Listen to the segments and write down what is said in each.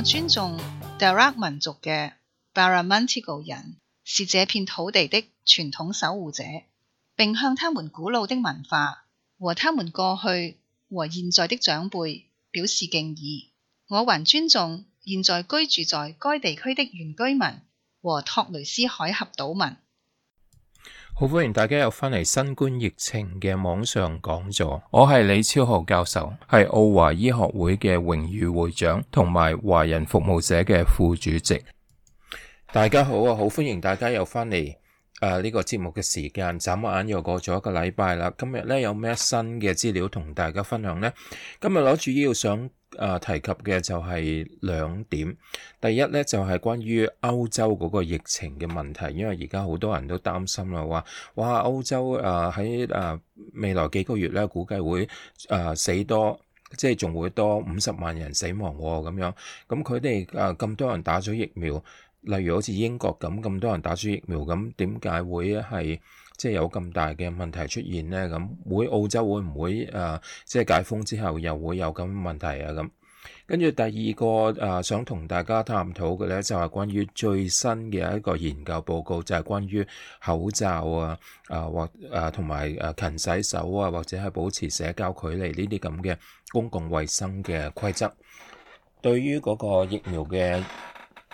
我尊重達克民族嘅巴拉曼切族人，是這片土地的傳統守護者，並向他們古老的文化和他們過去和現在的長輩表示敬意。我還尊重現在居住在該地區的原居民和托雷斯海峽島民。好，歡迎大家又返嚟新冠疫情嘅網上講座，我係李超豪教授，係澳華醫學會嘅榮譽會長，同埋華人服務社嘅副主席。大家好啊，好歡迎大家又返嚟，呢個節目嘅時間眨眼又過咗一個禮拜啦。今日呢，有咩新嘅資料同大家分享呢?今日啊，提及嘅就係兩點。第一咧，就係、是、關於歐洲嗰個疫情嘅問題，因為而家好多人都擔心啦，話哇歐洲啊喺啊未來幾個月咧，估計會啊死多，即係仲會多五十萬人死亡喎、哦、咁樣。咁佢哋啊咁多人打咗疫苗，例如好似英國咁咁多人打咗疫苗，咁點解會係？即係有咁大嘅問題出現咧，咁會澳洲會唔會誒、啊，即係解封之後又會有咁問題啊？咁跟住第二個誒、啊，想同大家探討嘅咧，就係、是、關於最新嘅一個研究報告，就係、是、關於口罩啊、誒或誒同埋誒勤洗手啊，或者係保持社交距離呢啲咁嘅公共衛生嘅規則，對於嗰個疫苗嘅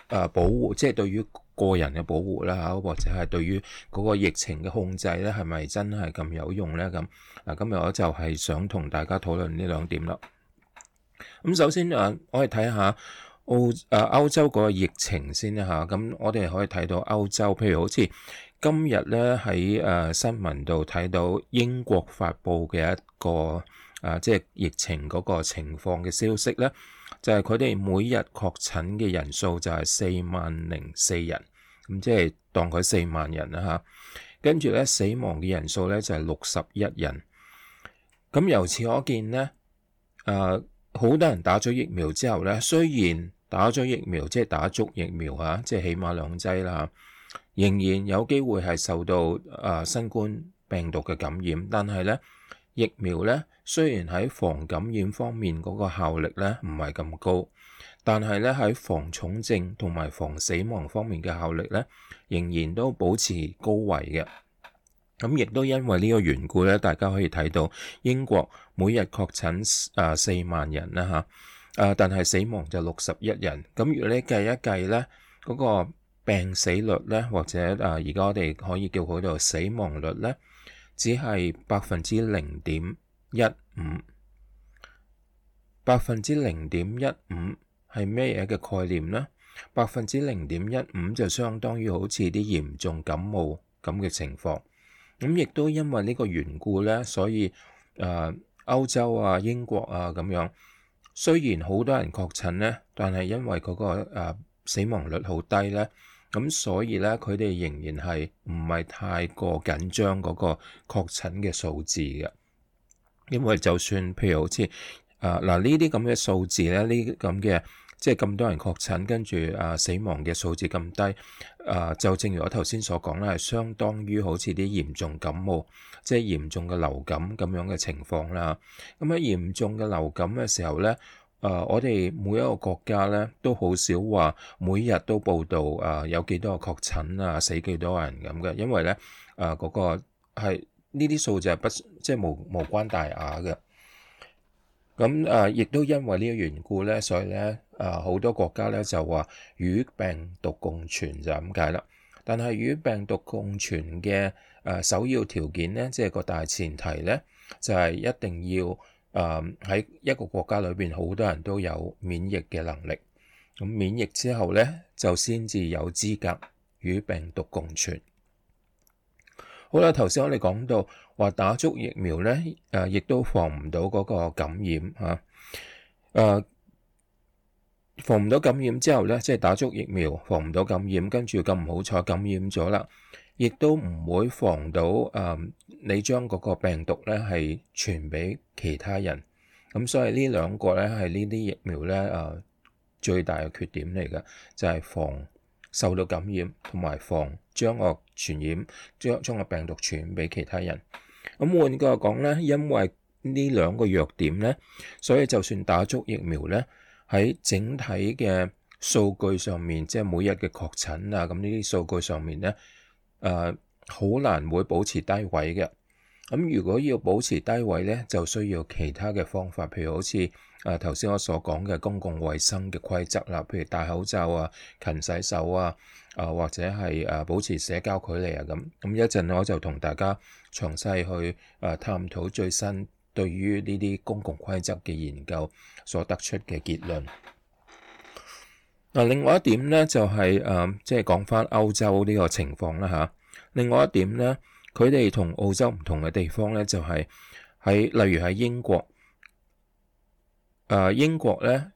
誒、啊、保護，即係對於個人嘅保護啦嚇，或者係對於嗰個疫情嘅控制咧，係咪真係咁有用咧？咁啊，今日我就係想同大家討論呢兩點啦。咁首先啊，我哋睇下澳啊歐洲嗰個疫情先啦嚇。咁我哋可以睇到歐洲，譬如好似今日咧喺誒新聞度睇到英國發布嘅一個啊，即係疫情嗰個情況嘅消息咧。就係佢哋每日確診嘅人數就係四萬零四人，咁即係當佢四萬人啦嚇。跟住咧，死亡嘅人數咧就係六十一人。咁由此可見咧，誒、呃、好多人打咗疫苗之後咧，雖然打咗疫苗，即係打足疫苗嚇、啊，即係起碼兩劑啦、啊，仍然有機會係受到誒、啊、新冠病毒嘅感染，但係咧疫苗咧。雖然喺防感染方面嗰個效力咧唔係咁高，但係咧喺防重症同埋防死亡方面嘅效力咧，仍然都保持高位嘅。咁亦都因為呢個緣故咧，大家可以睇到英國每日確診啊四萬人啦嚇，啊但係死亡就六十一人。咁如果你計一計咧，嗰個病死率咧，或者啊而家我哋可以叫佢做死亡率咧，只係百分之零點。一五百分之零點一五係咩嘢嘅概念呢？百分之零點一五就相當於好似啲嚴重感冒咁嘅情況。咁亦都因為呢個緣故咧，所以誒歐洲啊、英國啊咁樣，雖然好多人確診咧，但係因為嗰個誒死亡率好低咧，咁所以咧佢哋仍然係唔係太過緊張嗰個確診嘅數字嘅。因為就算譬如好似啊嗱呢啲咁嘅數字咧，呢咁嘅即係咁多人確診，跟住啊死亡嘅數字咁低，啊就正如我頭先所講啦，係相當於好似啲嚴重感冒，即係嚴重嘅流感咁樣嘅情況啦。咁啊嚴重嘅流感嘅時候咧，啊我哋每一個國家咧都好少話每日都報道啊有幾多個確診啊死幾多人咁嘅，因為咧啊嗰個係。呢啲數字係不即係、就是、無無關大雅嘅。咁誒，亦、啊、都因為這個緣呢個緣故咧，所以咧誒好多國家咧就話與病毒共存就咁解啦。但係與病毒共存嘅誒、啊、首要條件咧，即、就、係、是、個大前提咧，就係、是、一定要誒喺、啊、一個國家裏邊好多人都有免疫嘅能力。咁免疫之後咧，就先至有資格與病毒共存。好啦，頭先我哋講到話打足疫苗咧，誒，亦都防唔到嗰個感染啊，誒，防唔到感染之後咧，即係打足疫苗防唔到感染，跟住咁唔好彩感染咗啦，亦都唔會防到誒，你將嗰個病毒咧係傳俾其他人。咁所以呢兩個咧係呢啲疫苗咧誒最大嘅缺點嚟嘅，就係防受到感染同埋防。將個傳染將個病毒傳畀其他人。咁換句話講咧，因為呢兩個弱點呢，所以就算打足疫苗呢，喺整體嘅數據上面，即係每日嘅確診啊，咁呢啲數據上面呢，誒、呃、好難會保持低位嘅。咁如果要保持低位咧，就需要其他嘅方法，譬如好似誒頭先我所講嘅公共衞生嘅規則啦，譬如戴口罩啊、勤洗手啊、啊或者係誒保持社交距離啊咁。咁一陣我就同大家詳細去誒探討最新對於呢啲公共規則嘅研究所得出嘅結論。嗱，另外一點咧就係誒，即係講翻歐洲呢個情況啦嚇。另外一點咧。佢哋同澳洲唔同嘅地方咧，就係、是、喺例如喺英國，呃、英國咧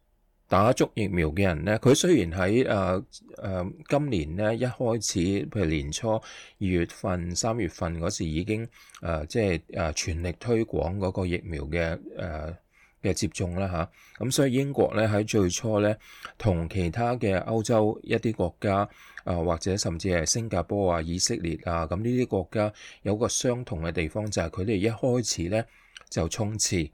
打足疫苗嘅人咧，佢雖然喺、呃呃、今年咧一開始，譬如年初二月份、三月份嗰時已經誒即係誒全力推廣嗰個疫苗嘅誒嘅接種啦吓，咁、啊、所以英國咧喺最初咧，同其他嘅歐洲一啲國家啊，或者甚至係新加坡啊、以色列啊，咁呢啲國家有個相同嘅地方就係佢哋一開始咧就衝刺，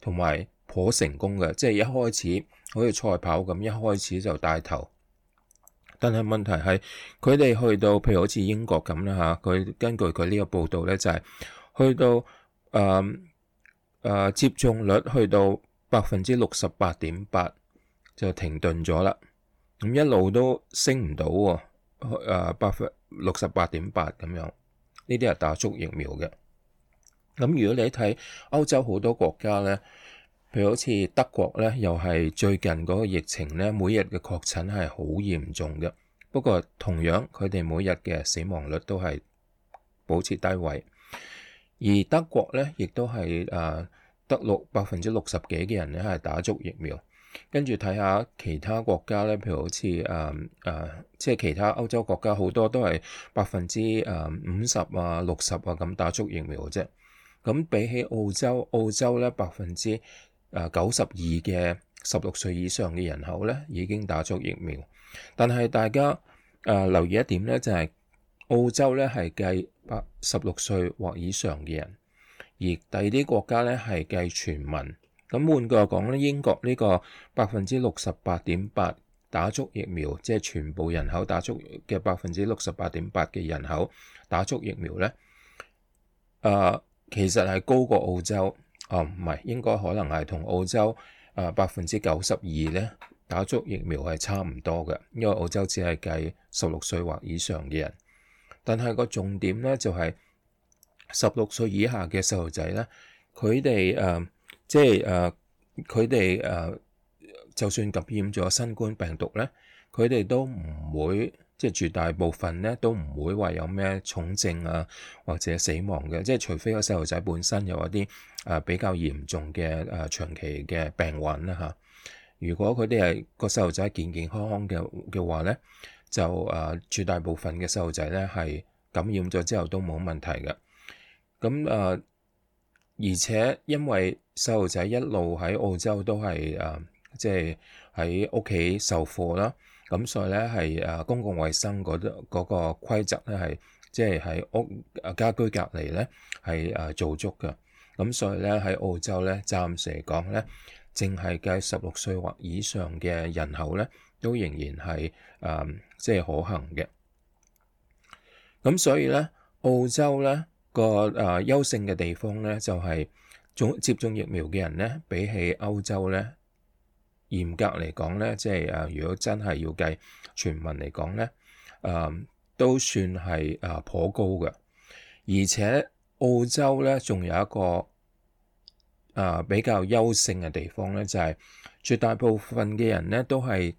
同埋頗成功嘅，即、就、係、是、一開始好似賽跑咁，一開始就帶頭。但係問題係佢哋去到譬如好似英國咁啦吓，佢、啊、根據佢呢個報道咧就係、是、去到誒。嗯啊、接種率去到百分之六十八點八就停頓咗啦，咁一路都升唔到喎、啊，百分六十八點八咁樣，呢啲係打足疫苗嘅。咁如果你睇歐洲好多國家呢，譬如好似德國呢，又係最近嗰個疫情呢，每日嘅確診係好嚴重嘅，不過同樣佢哋每日嘅死亡率都係保持低位。而德國咧，亦都係誒、啊、得六百分之六十幾嘅人咧係打足疫苗，跟住睇下其他國家咧，譬如好似誒誒，即係其他歐洲國家好多都係百分之五十啊、六十啊咁打足疫苗嘅啫。咁比起澳洲，澳洲咧百分之九十二嘅十六歲以上嘅人口咧已經打足疫苗，但係大家誒、啊、留意一點咧，就係、是。澳洲咧係計百十六歲或以上嘅人，而第二啲國家咧係計全民。咁換句話講咧，英國呢個百分之六十八點八打足疫苗，即係全部人口打足嘅百分之六十八點八嘅人口打足疫苗咧，啊，其實係高過澳洲。哦，唔係應該可能係同澳洲啊百分之九十二咧打足疫苗係差唔多嘅，因為澳洲只係計十六歲或以上嘅人。但係個重點咧，就係十六歲以下嘅細路仔咧，佢哋誒，即係誒，佢哋誒，就算感染咗新冠病毒咧，佢哋都唔會，即係絕大部分咧都唔會話有咩重症啊，或者死亡嘅，即係除非個細路仔本身有一啲誒比較嚴重嘅誒長期嘅病患啦嚇。如果佢哋係個細路仔健健康康嘅嘅話咧。就誒、啊，絕大部分嘅細路仔咧係感染咗之後都冇問題嘅。咁誒、啊，而且因為細路仔一路喺澳洲都係誒，即係喺屋企授課啦。咁所以咧係誒，公共衞生嗰嗰、嗰個規則咧係即係喺屋家居隔離咧係誒做足嘅。咁所以咧喺澳洲咧暫時嚟講咧，淨係計十六歲或以上嘅人口咧，都仍然係誒。啊即係可行嘅，咁所以咧，澳洲咧個誒、呃、優勝嘅地方咧，就係、是、種接種疫苗嘅人咧，比起歐洲咧，嚴格嚟講咧，即係誒，如果真係要計全民嚟講咧，誒、呃、都算係誒、呃、頗高嘅，而且澳洲咧仲有一個誒、呃、比較優勝嘅地方咧，就係、是、絕大部分嘅人咧都係。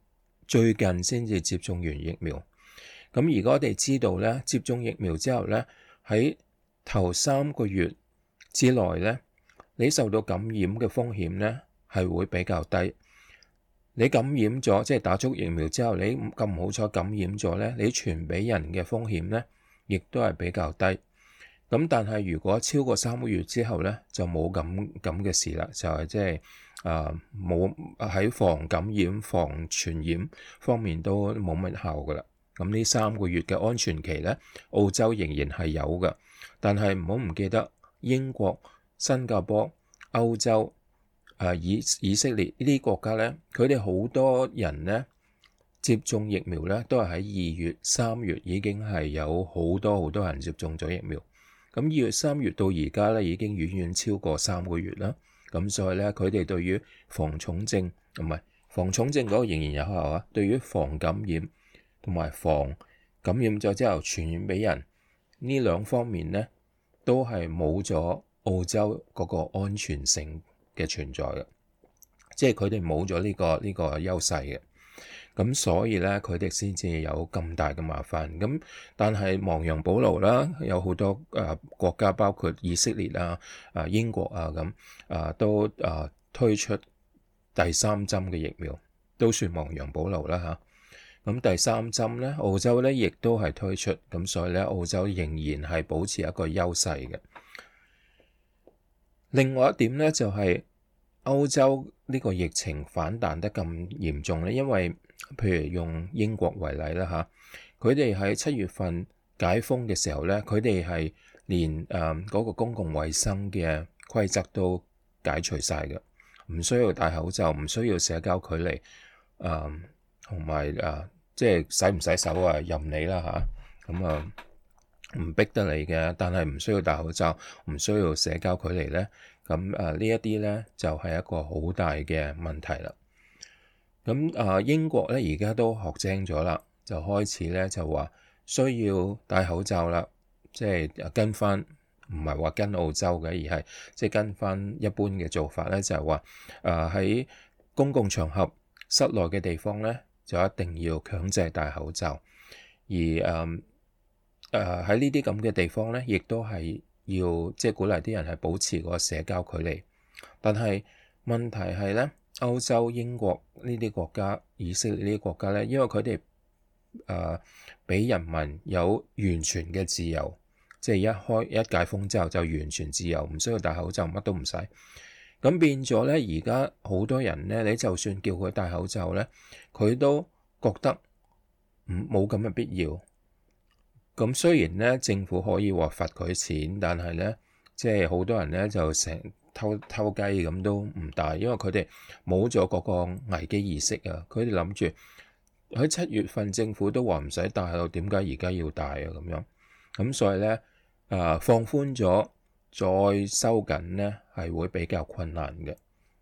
最近先至接種完疫苗，咁如果我哋知道咧，接種疫苗之後咧，喺頭三個月之內咧，你受到感染嘅風險咧係會比較低。你感染咗，即係打足疫苗之後，你咁好彩感染咗咧，你傳俾人嘅風險咧，亦都係比較低。咁但係如果超過三個月之後咧，就冇咁咁嘅事啦，就係即係。冇、啊、喺防感染、防傳染方面都冇乜效噶啦。咁呢三個月嘅安全期咧，澳洲仍然係有嘅，但係唔好唔記得英國、新加坡、歐洲、啊、以以色列呢啲國家咧，佢哋好多人咧，接種疫苗咧，都係喺二月、三月已經係有好多好多人接種咗疫苗。咁二月、三月到而家咧，已經遠遠超過三個月啦。咁所以咧，佢哋對於防重症唔係防重症嗰個仍然有效啊。對於防感染同埋防感染咗之後傳染畀人呢兩方面咧，都係冇咗澳洲嗰個安全性嘅存在嘅，即係佢哋冇咗呢個呢個優勢嘅。咁所以咧，佢哋先至有咁大嘅麻煩。咁但係亡羊補牢啦，有好多誒、呃、國家，包括以色列啊、啊英國啊，咁、啊、都、啊、推出第三針嘅疫苗，都算亡羊補牢啦嚇。咁第三針咧，澳洲咧亦都係推出，咁所以咧澳洲仍然係保持一個優勢嘅。另外一點咧，就係、是、歐洲呢個疫情反彈得咁嚴重咧，因為。譬如用英國為例啦嚇，佢哋喺七月份解封嘅時候咧，佢哋係連誒嗰個公共衛生嘅規則都解除晒嘅，唔需要戴口罩，唔需要社交距離，誒同埋誒即係洗唔洗手啊任你啦吓，咁啊唔逼得你嘅，但係唔需要戴口罩，唔需要社交距離咧，咁誒呢一啲咧就係一個好大嘅問題啦。咁啊，英國咧而家都學精咗啦，就開始咧就話需要戴口罩啦，即係跟翻，唔係話跟澳洲嘅，而係即係跟翻一般嘅做法咧，就係話啊喺公共場合、室內嘅地方咧，就一定要強制戴口罩。而嗯誒喺呢啲咁嘅地方咧，亦都係要即係鼓勵啲人係保持個社交距離。但係問題係咧。歐洲、英國呢啲國家、以色列呢啲國家咧，因為佢哋誒俾人民有完全嘅自由，即係一開一解封之後就完全自由，唔需要戴口罩，乜都唔使。咁變咗咧，而家好多人咧，你就算叫佢戴口罩咧，佢都覺得冇咁嘅必要。咁雖然咧政府可以話罰佢錢，但係咧即係好多人咧就成。偷偷雞咁都唔戴，因為佢哋冇咗嗰個危機意識啊！佢哋諗住喺七月份政府都話唔使戴，點解而家要戴啊？咁樣，咁所以咧，誒放寬咗再收緊咧，係會比較困難嘅。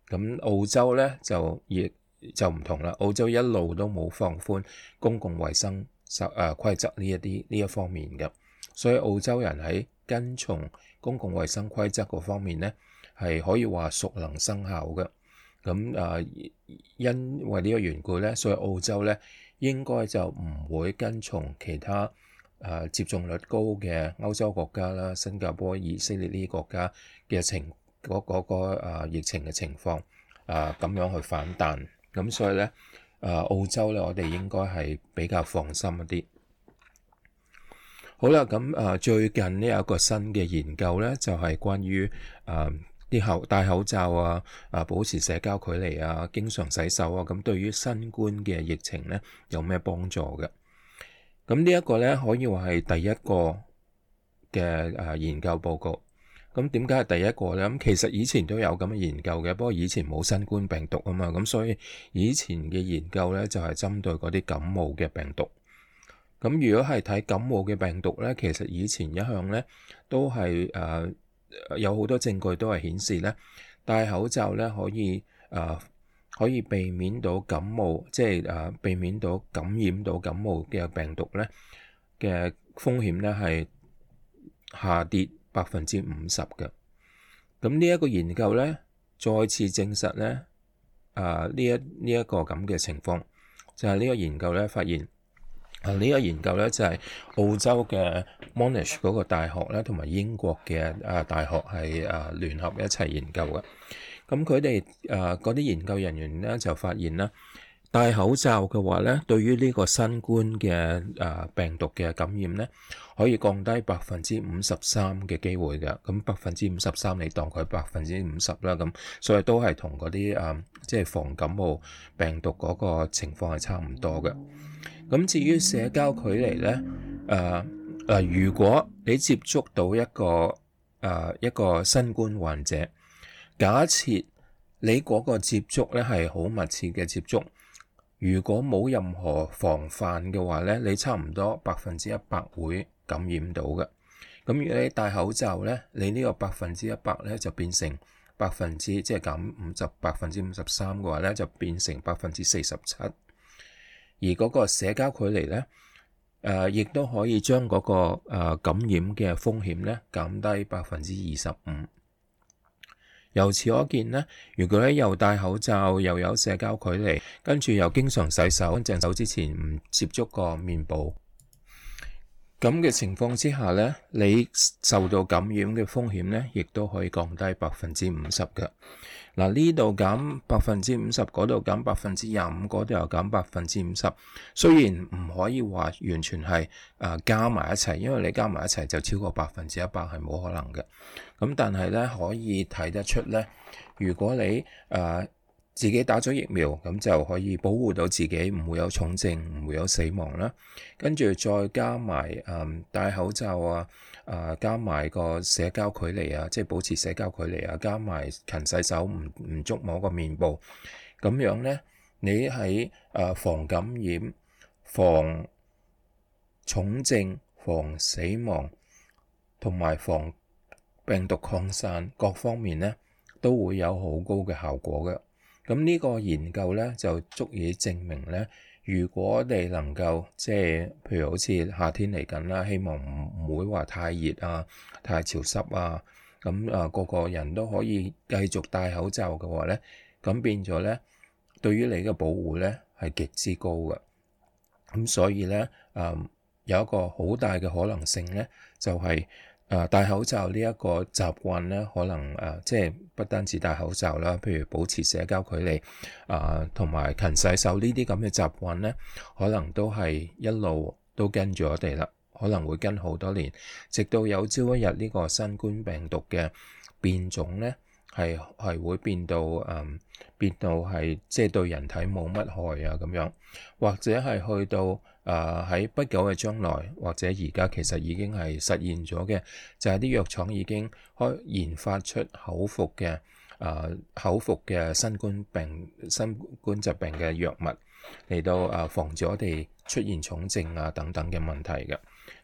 咁澳洲咧就亦就唔同啦，澳洲一路都冇放寬公共衛生實誒、呃、規則呢一啲呢一方面嘅，所以澳洲人喺跟從公共衛生規則嗰方面咧。係可以話熟能生巧嘅，咁啊，因為個緣呢個原故咧，所以澳洲咧應該就唔會跟從其他誒、啊、接種率高嘅歐洲國家啦、新加坡、以色列呢啲國家嘅情嗰嗰個疫情嘅情況啊咁樣去反彈，咁所以咧誒、啊、澳洲咧，我哋應該係比較放心一啲。好啦，咁啊，最近呢有一個新嘅研究咧，就係、是、關於誒。啊戴口罩啊！啊，保持社交距離啊，經常洗手啊，咁對於新冠嘅疫情咧，有咩幫助嘅？咁呢一個咧，可以話係第一個嘅誒、啊、研究報告。咁點解係第一個咧？咁其實以前都有咁嘅研究嘅，不過以前冇新冠病毒啊嘛，咁所以以前嘅研究咧就係、是、針對嗰啲感冒嘅病毒。咁如果係睇感冒嘅病毒咧，其實以前一向咧都係誒。啊有好多證據都係顯示咧，戴口罩咧可以誒、呃、可以避免到感冒，即係誒避免到感染到感冒嘅病毒咧嘅風險咧係下跌百分之五十嘅。咁呢一個研究咧再次證實咧誒呢、呃、一呢一、一個咁嘅情況就係、是、呢個研究咧發現。呢、這個研究咧就係、是、澳洲嘅 Monash 嗰個大學咧，同埋英國嘅啊大學係啊聯合一齊研究嘅。咁佢哋啊嗰啲研究人員咧就發現啦，戴口罩嘅話咧，對於呢個新冠嘅啊病毒嘅感染咧，可以降低百分之五十三嘅機會嘅。咁百分之五十三，你當佢百分之五十啦。咁所以都係同嗰啲啊，即、嗯、係、就是、防感冒病毒嗰個情況係差唔多嘅。咁至於社交距離咧，誒、啊啊、如果你接觸到一個誒、啊、一個新冠患者，假設你嗰個接觸咧係好密切嘅接觸，如果冇任何防範嘅話咧，你差唔多百分之一百會感染到嘅。咁如果你戴口罩咧，你呢個百分之一百咧就變成百分之即係減五十，百分之五十三嘅話咧就變成百分之四十七。而嗰個社交距離咧，誒、呃、亦都可以將嗰、那個誒、呃、感染嘅風險咧減低百分之二十五。由此可見咧，如果咧又戴口罩，又有社交距離，跟住又經常洗手，洗手之前唔接觸個面部。咁嘅情況之下咧，你受到感染嘅風險咧，亦都可以降低百分之五十嘅。嗱、啊，呢度減百分之五十，嗰度減百分之廿五，嗰度又減百分之五十。雖然唔可以話完全係誒、啊、加埋一齊，因為你加埋一齊就超過百分之一百係冇可能嘅。咁、啊、但係咧，可以睇得出咧，如果你誒。啊自己打咗疫苗，咁就可以保護到自己，唔會有重症，唔會有死亡啦。跟住再加埋、嗯、戴口罩啊，加埋個社交距離啊，即係保持社交距離啊，加埋勤洗手，唔唔觸摸個面部，咁樣咧，你喺、啊、防感染、防重症、防死亡，同埋防病毒擴散各方面咧，都會有好高嘅效果嘅。咁呢個研究咧就足以證明咧，如果你能夠即係，譬如好似夏天嚟緊啦，希望唔唔會話太熱啊、太潮濕啊，咁、那、啊個個人都可以繼續戴口罩嘅話咧，咁變咗咧，對於你嘅保護咧係極之高嘅。咁所以咧、呃，有一個好大嘅可能性咧，就係、是。呃、戴口罩呢一個習慣呢，可能誒、呃、即係不單止戴口罩啦，譬如保持社交距離，誒同埋勤洗手呢啲咁嘅習慣呢，可能都係一路都跟住我哋啦，可能會跟好多年，直到有朝一日呢個新冠病毒嘅變種呢，係係會變到誒、呃、變到係即係對人體冇乜害啊咁樣，或者係去到。喺、啊、不久嘅將來，或者而家其實已經係實現咗嘅，就係啲藥廠已經開研發出口服嘅誒、啊、口服嘅新冠病、新冠疾病嘅藥物嚟到誒、啊、防止我哋出現重症啊等等嘅問題嘅。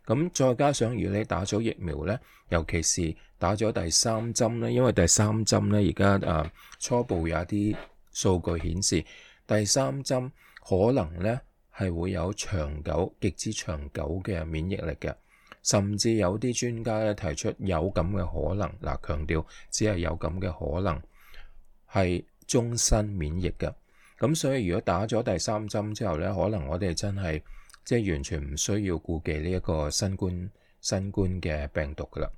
咁再加上如果你打咗疫苗咧，尤其是打咗第三針咧，因為第三針咧而家誒初步有啲數據顯示，第三針可能咧。係會有長久、極之長久嘅免疫力嘅，甚至有啲專家咧提出有咁嘅可能，嗱強調只係有咁嘅可能係終身免疫嘅。咁所以如果打咗第三針之後呢，可能我哋真係即係完全唔需要顧忌呢一個新冠、新冠嘅病毒噶啦。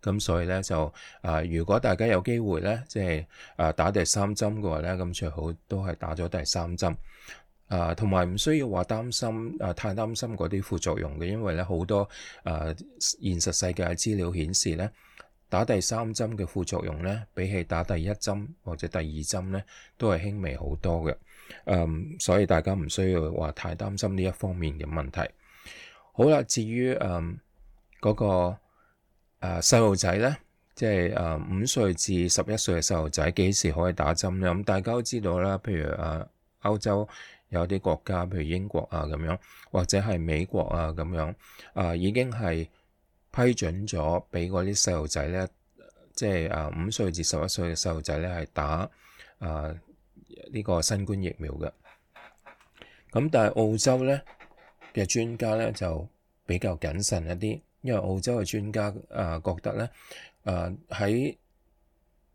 咁所以呢，就啊、呃，如果大家有機會呢，即係啊打第三針嘅話呢，咁最好都係打咗第三針。啊，同埋唔需要話擔心啊，太擔心嗰啲副作用嘅，因為咧好多啊現實世界嘅資料顯示咧，打第三針嘅副作用咧，比起打第一針或者第二針咧，都係輕微好多嘅。嗯、啊，所以大家唔需要話太擔心呢一方面嘅問題。好啦，至於嗯嗰、啊嗰個啊細路仔咧，即係啊五歲至十一歲嘅細路仔，幾時可以打針咧？咁、嗯、大家都知道啦，譬如啊歐洲。有啲國家，譬如英國啊咁樣，或者係美國啊咁樣，啊已經係批准咗畀嗰啲細路仔咧，即係啊五歲至十一歲嘅細路仔咧，係打啊呢個新冠疫苗嘅。咁但係澳洲咧嘅專家咧就比較謹慎一啲，因為澳洲嘅專家啊覺得咧，啊喺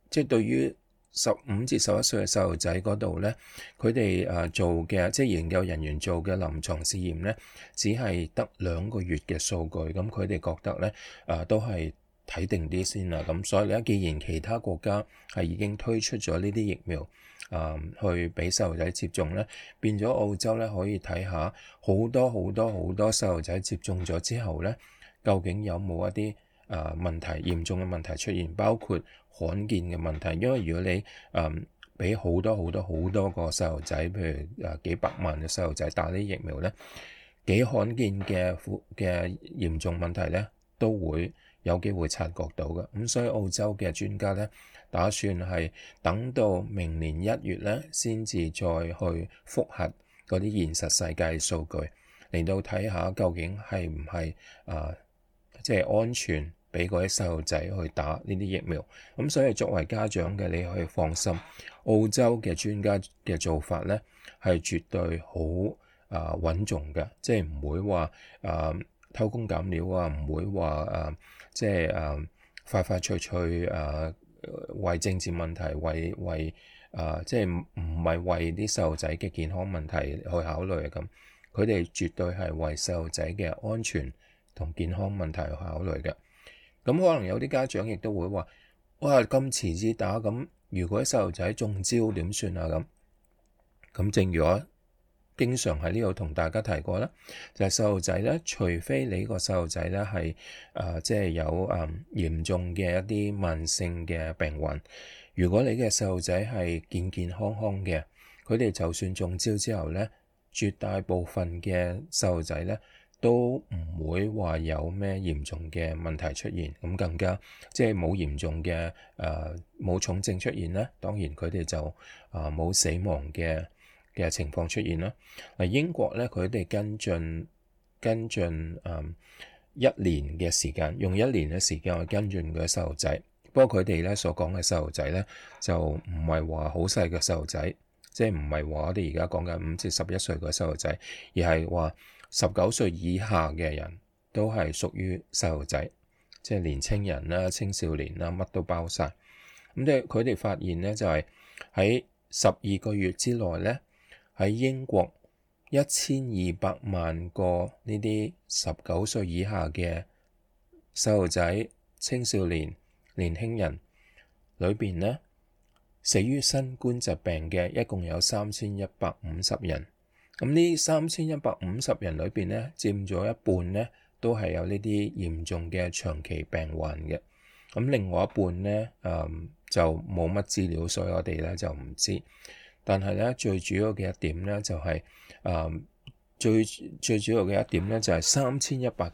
即係對於。十五至十一歲嘅細路仔嗰度咧，佢哋誒做嘅，即係研究人員做嘅臨床試驗咧，只係得兩個月嘅數據。咁佢哋覺得咧、啊，都係睇定啲先啦。咁所以咧，既然其他國家係已經推出咗呢啲疫苗、啊、去俾細路仔接種咧，變咗澳洲咧可以睇下好多好多好多細路仔接種咗之後咧，究竟有冇一啲，誒、啊、問題嚴重嘅問題出現，包括罕見嘅問題，因為如果你誒俾好多好多好多個細路仔，譬如誒幾百萬嘅細路仔打呢啲疫苗咧，幾罕見嘅嘅嚴重問題咧，都會有機會察覺到嘅。咁所以澳洲嘅專家咧，打算係等到明年一月咧，先至再去複核嗰啲現實世界嘅數據，嚟到睇下究竟係唔係誒即係安全。俾嗰啲細路仔去打呢啲疫苗，咁所以作為家長嘅你可以放心。澳洲嘅專家嘅做法咧係絕對好啊穩重嘅，即係唔會話啊、呃、偷工減料啊，唔會話啊、呃、即係啊快快脆脆啊、呃、為政治問題為為啊、呃、即係唔唔係為啲細路仔嘅健康問題去考慮咁。佢哋絕對係為細路仔嘅安全同健康問題去考慮嘅。咁可能有啲家長亦都會話：哇，咁遲至打，咁如果細路仔中招點算啊？咁咁正如我經常喺呢度同大家提過啦，就係細路仔咧，除非你個細路仔咧係誒、即係有誒、嗯、嚴重嘅一啲慢性嘅病患。如果你嘅細路仔係健健康康嘅，佢哋就算中招之後咧，絕大部分嘅細路仔咧。都唔會話有咩嚴重嘅問題出現，咁更加即係冇嚴重嘅誒冇重症出現啦。當然佢哋就啊冇、呃、死亡嘅嘅情況出現啦。英國咧，佢哋跟進跟進誒、嗯、一年嘅時間，用一年嘅時間去跟進嗰啲細路仔。不過佢哋咧所講嘅細路仔咧，就唔係話好細嘅細路仔，即係唔係話我哋而家講嘅五至十一歲嘅細路仔，而係話。十九歲以下嘅人都係屬於細路仔，即係年青人啦、啊、青少年啦、啊，乜都包晒。咁即係佢哋發現咧，就係喺十二個月之內咧，喺英國一千二百萬個呢啲十九歲以下嘅細路仔、青少年、年輕人裏邊咧，死於新冠疾病嘅一共有三千一百五十人。咁呢三千一百五十人裏面咧，佔咗一半咧，都係有呢啲嚴重嘅長期病患嘅。咁另外一半咧、嗯，就冇乜資料，所以我哋咧就唔知。但係咧最主要嘅一點咧，就係、是嗯、最最主要嘅一點咧，就係三千一百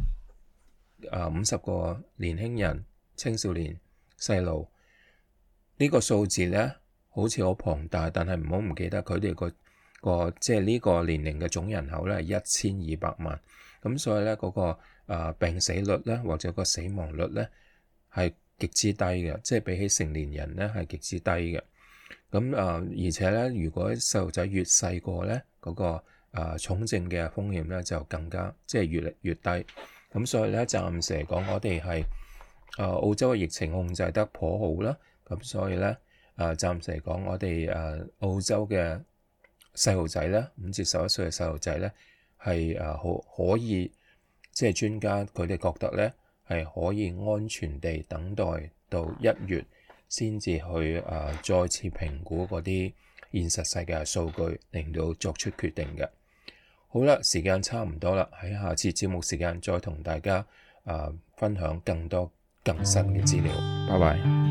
誒五十個年輕人、青少年、細路、這個、呢個數字咧，好似好龐大，但係唔好唔記得佢哋個。個即係呢個年齡嘅總人口咧係一千二百萬，咁所以咧嗰、個、呃、病死率咧或者個死亡率咧係極之低嘅，即係比起成年人咧係極之低嘅。咁誒、呃、而且咧，如果細路仔越細、個咧，嗰、呃、個重症嘅風險咧就更加即係越嚟越低。咁所以咧，暫時嚟講，我哋係誒澳洲嘅疫情控制得頗好啦。咁所以咧誒，暫、呃、時嚟講，我哋誒澳洲嘅。細路仔咧，五至十一歲嘅細路仔咧，係誒可可以，即係專家佢哋覺得咧，係可以安全地等待到一月先至去誒、啊、再次評估嗰啲現實世界嘅數據，令到作出決定嘅。好啦，時間差唔多啦，喺下次節目時間再同大家誒、啊、分享更多更新嘅資料。拜拜。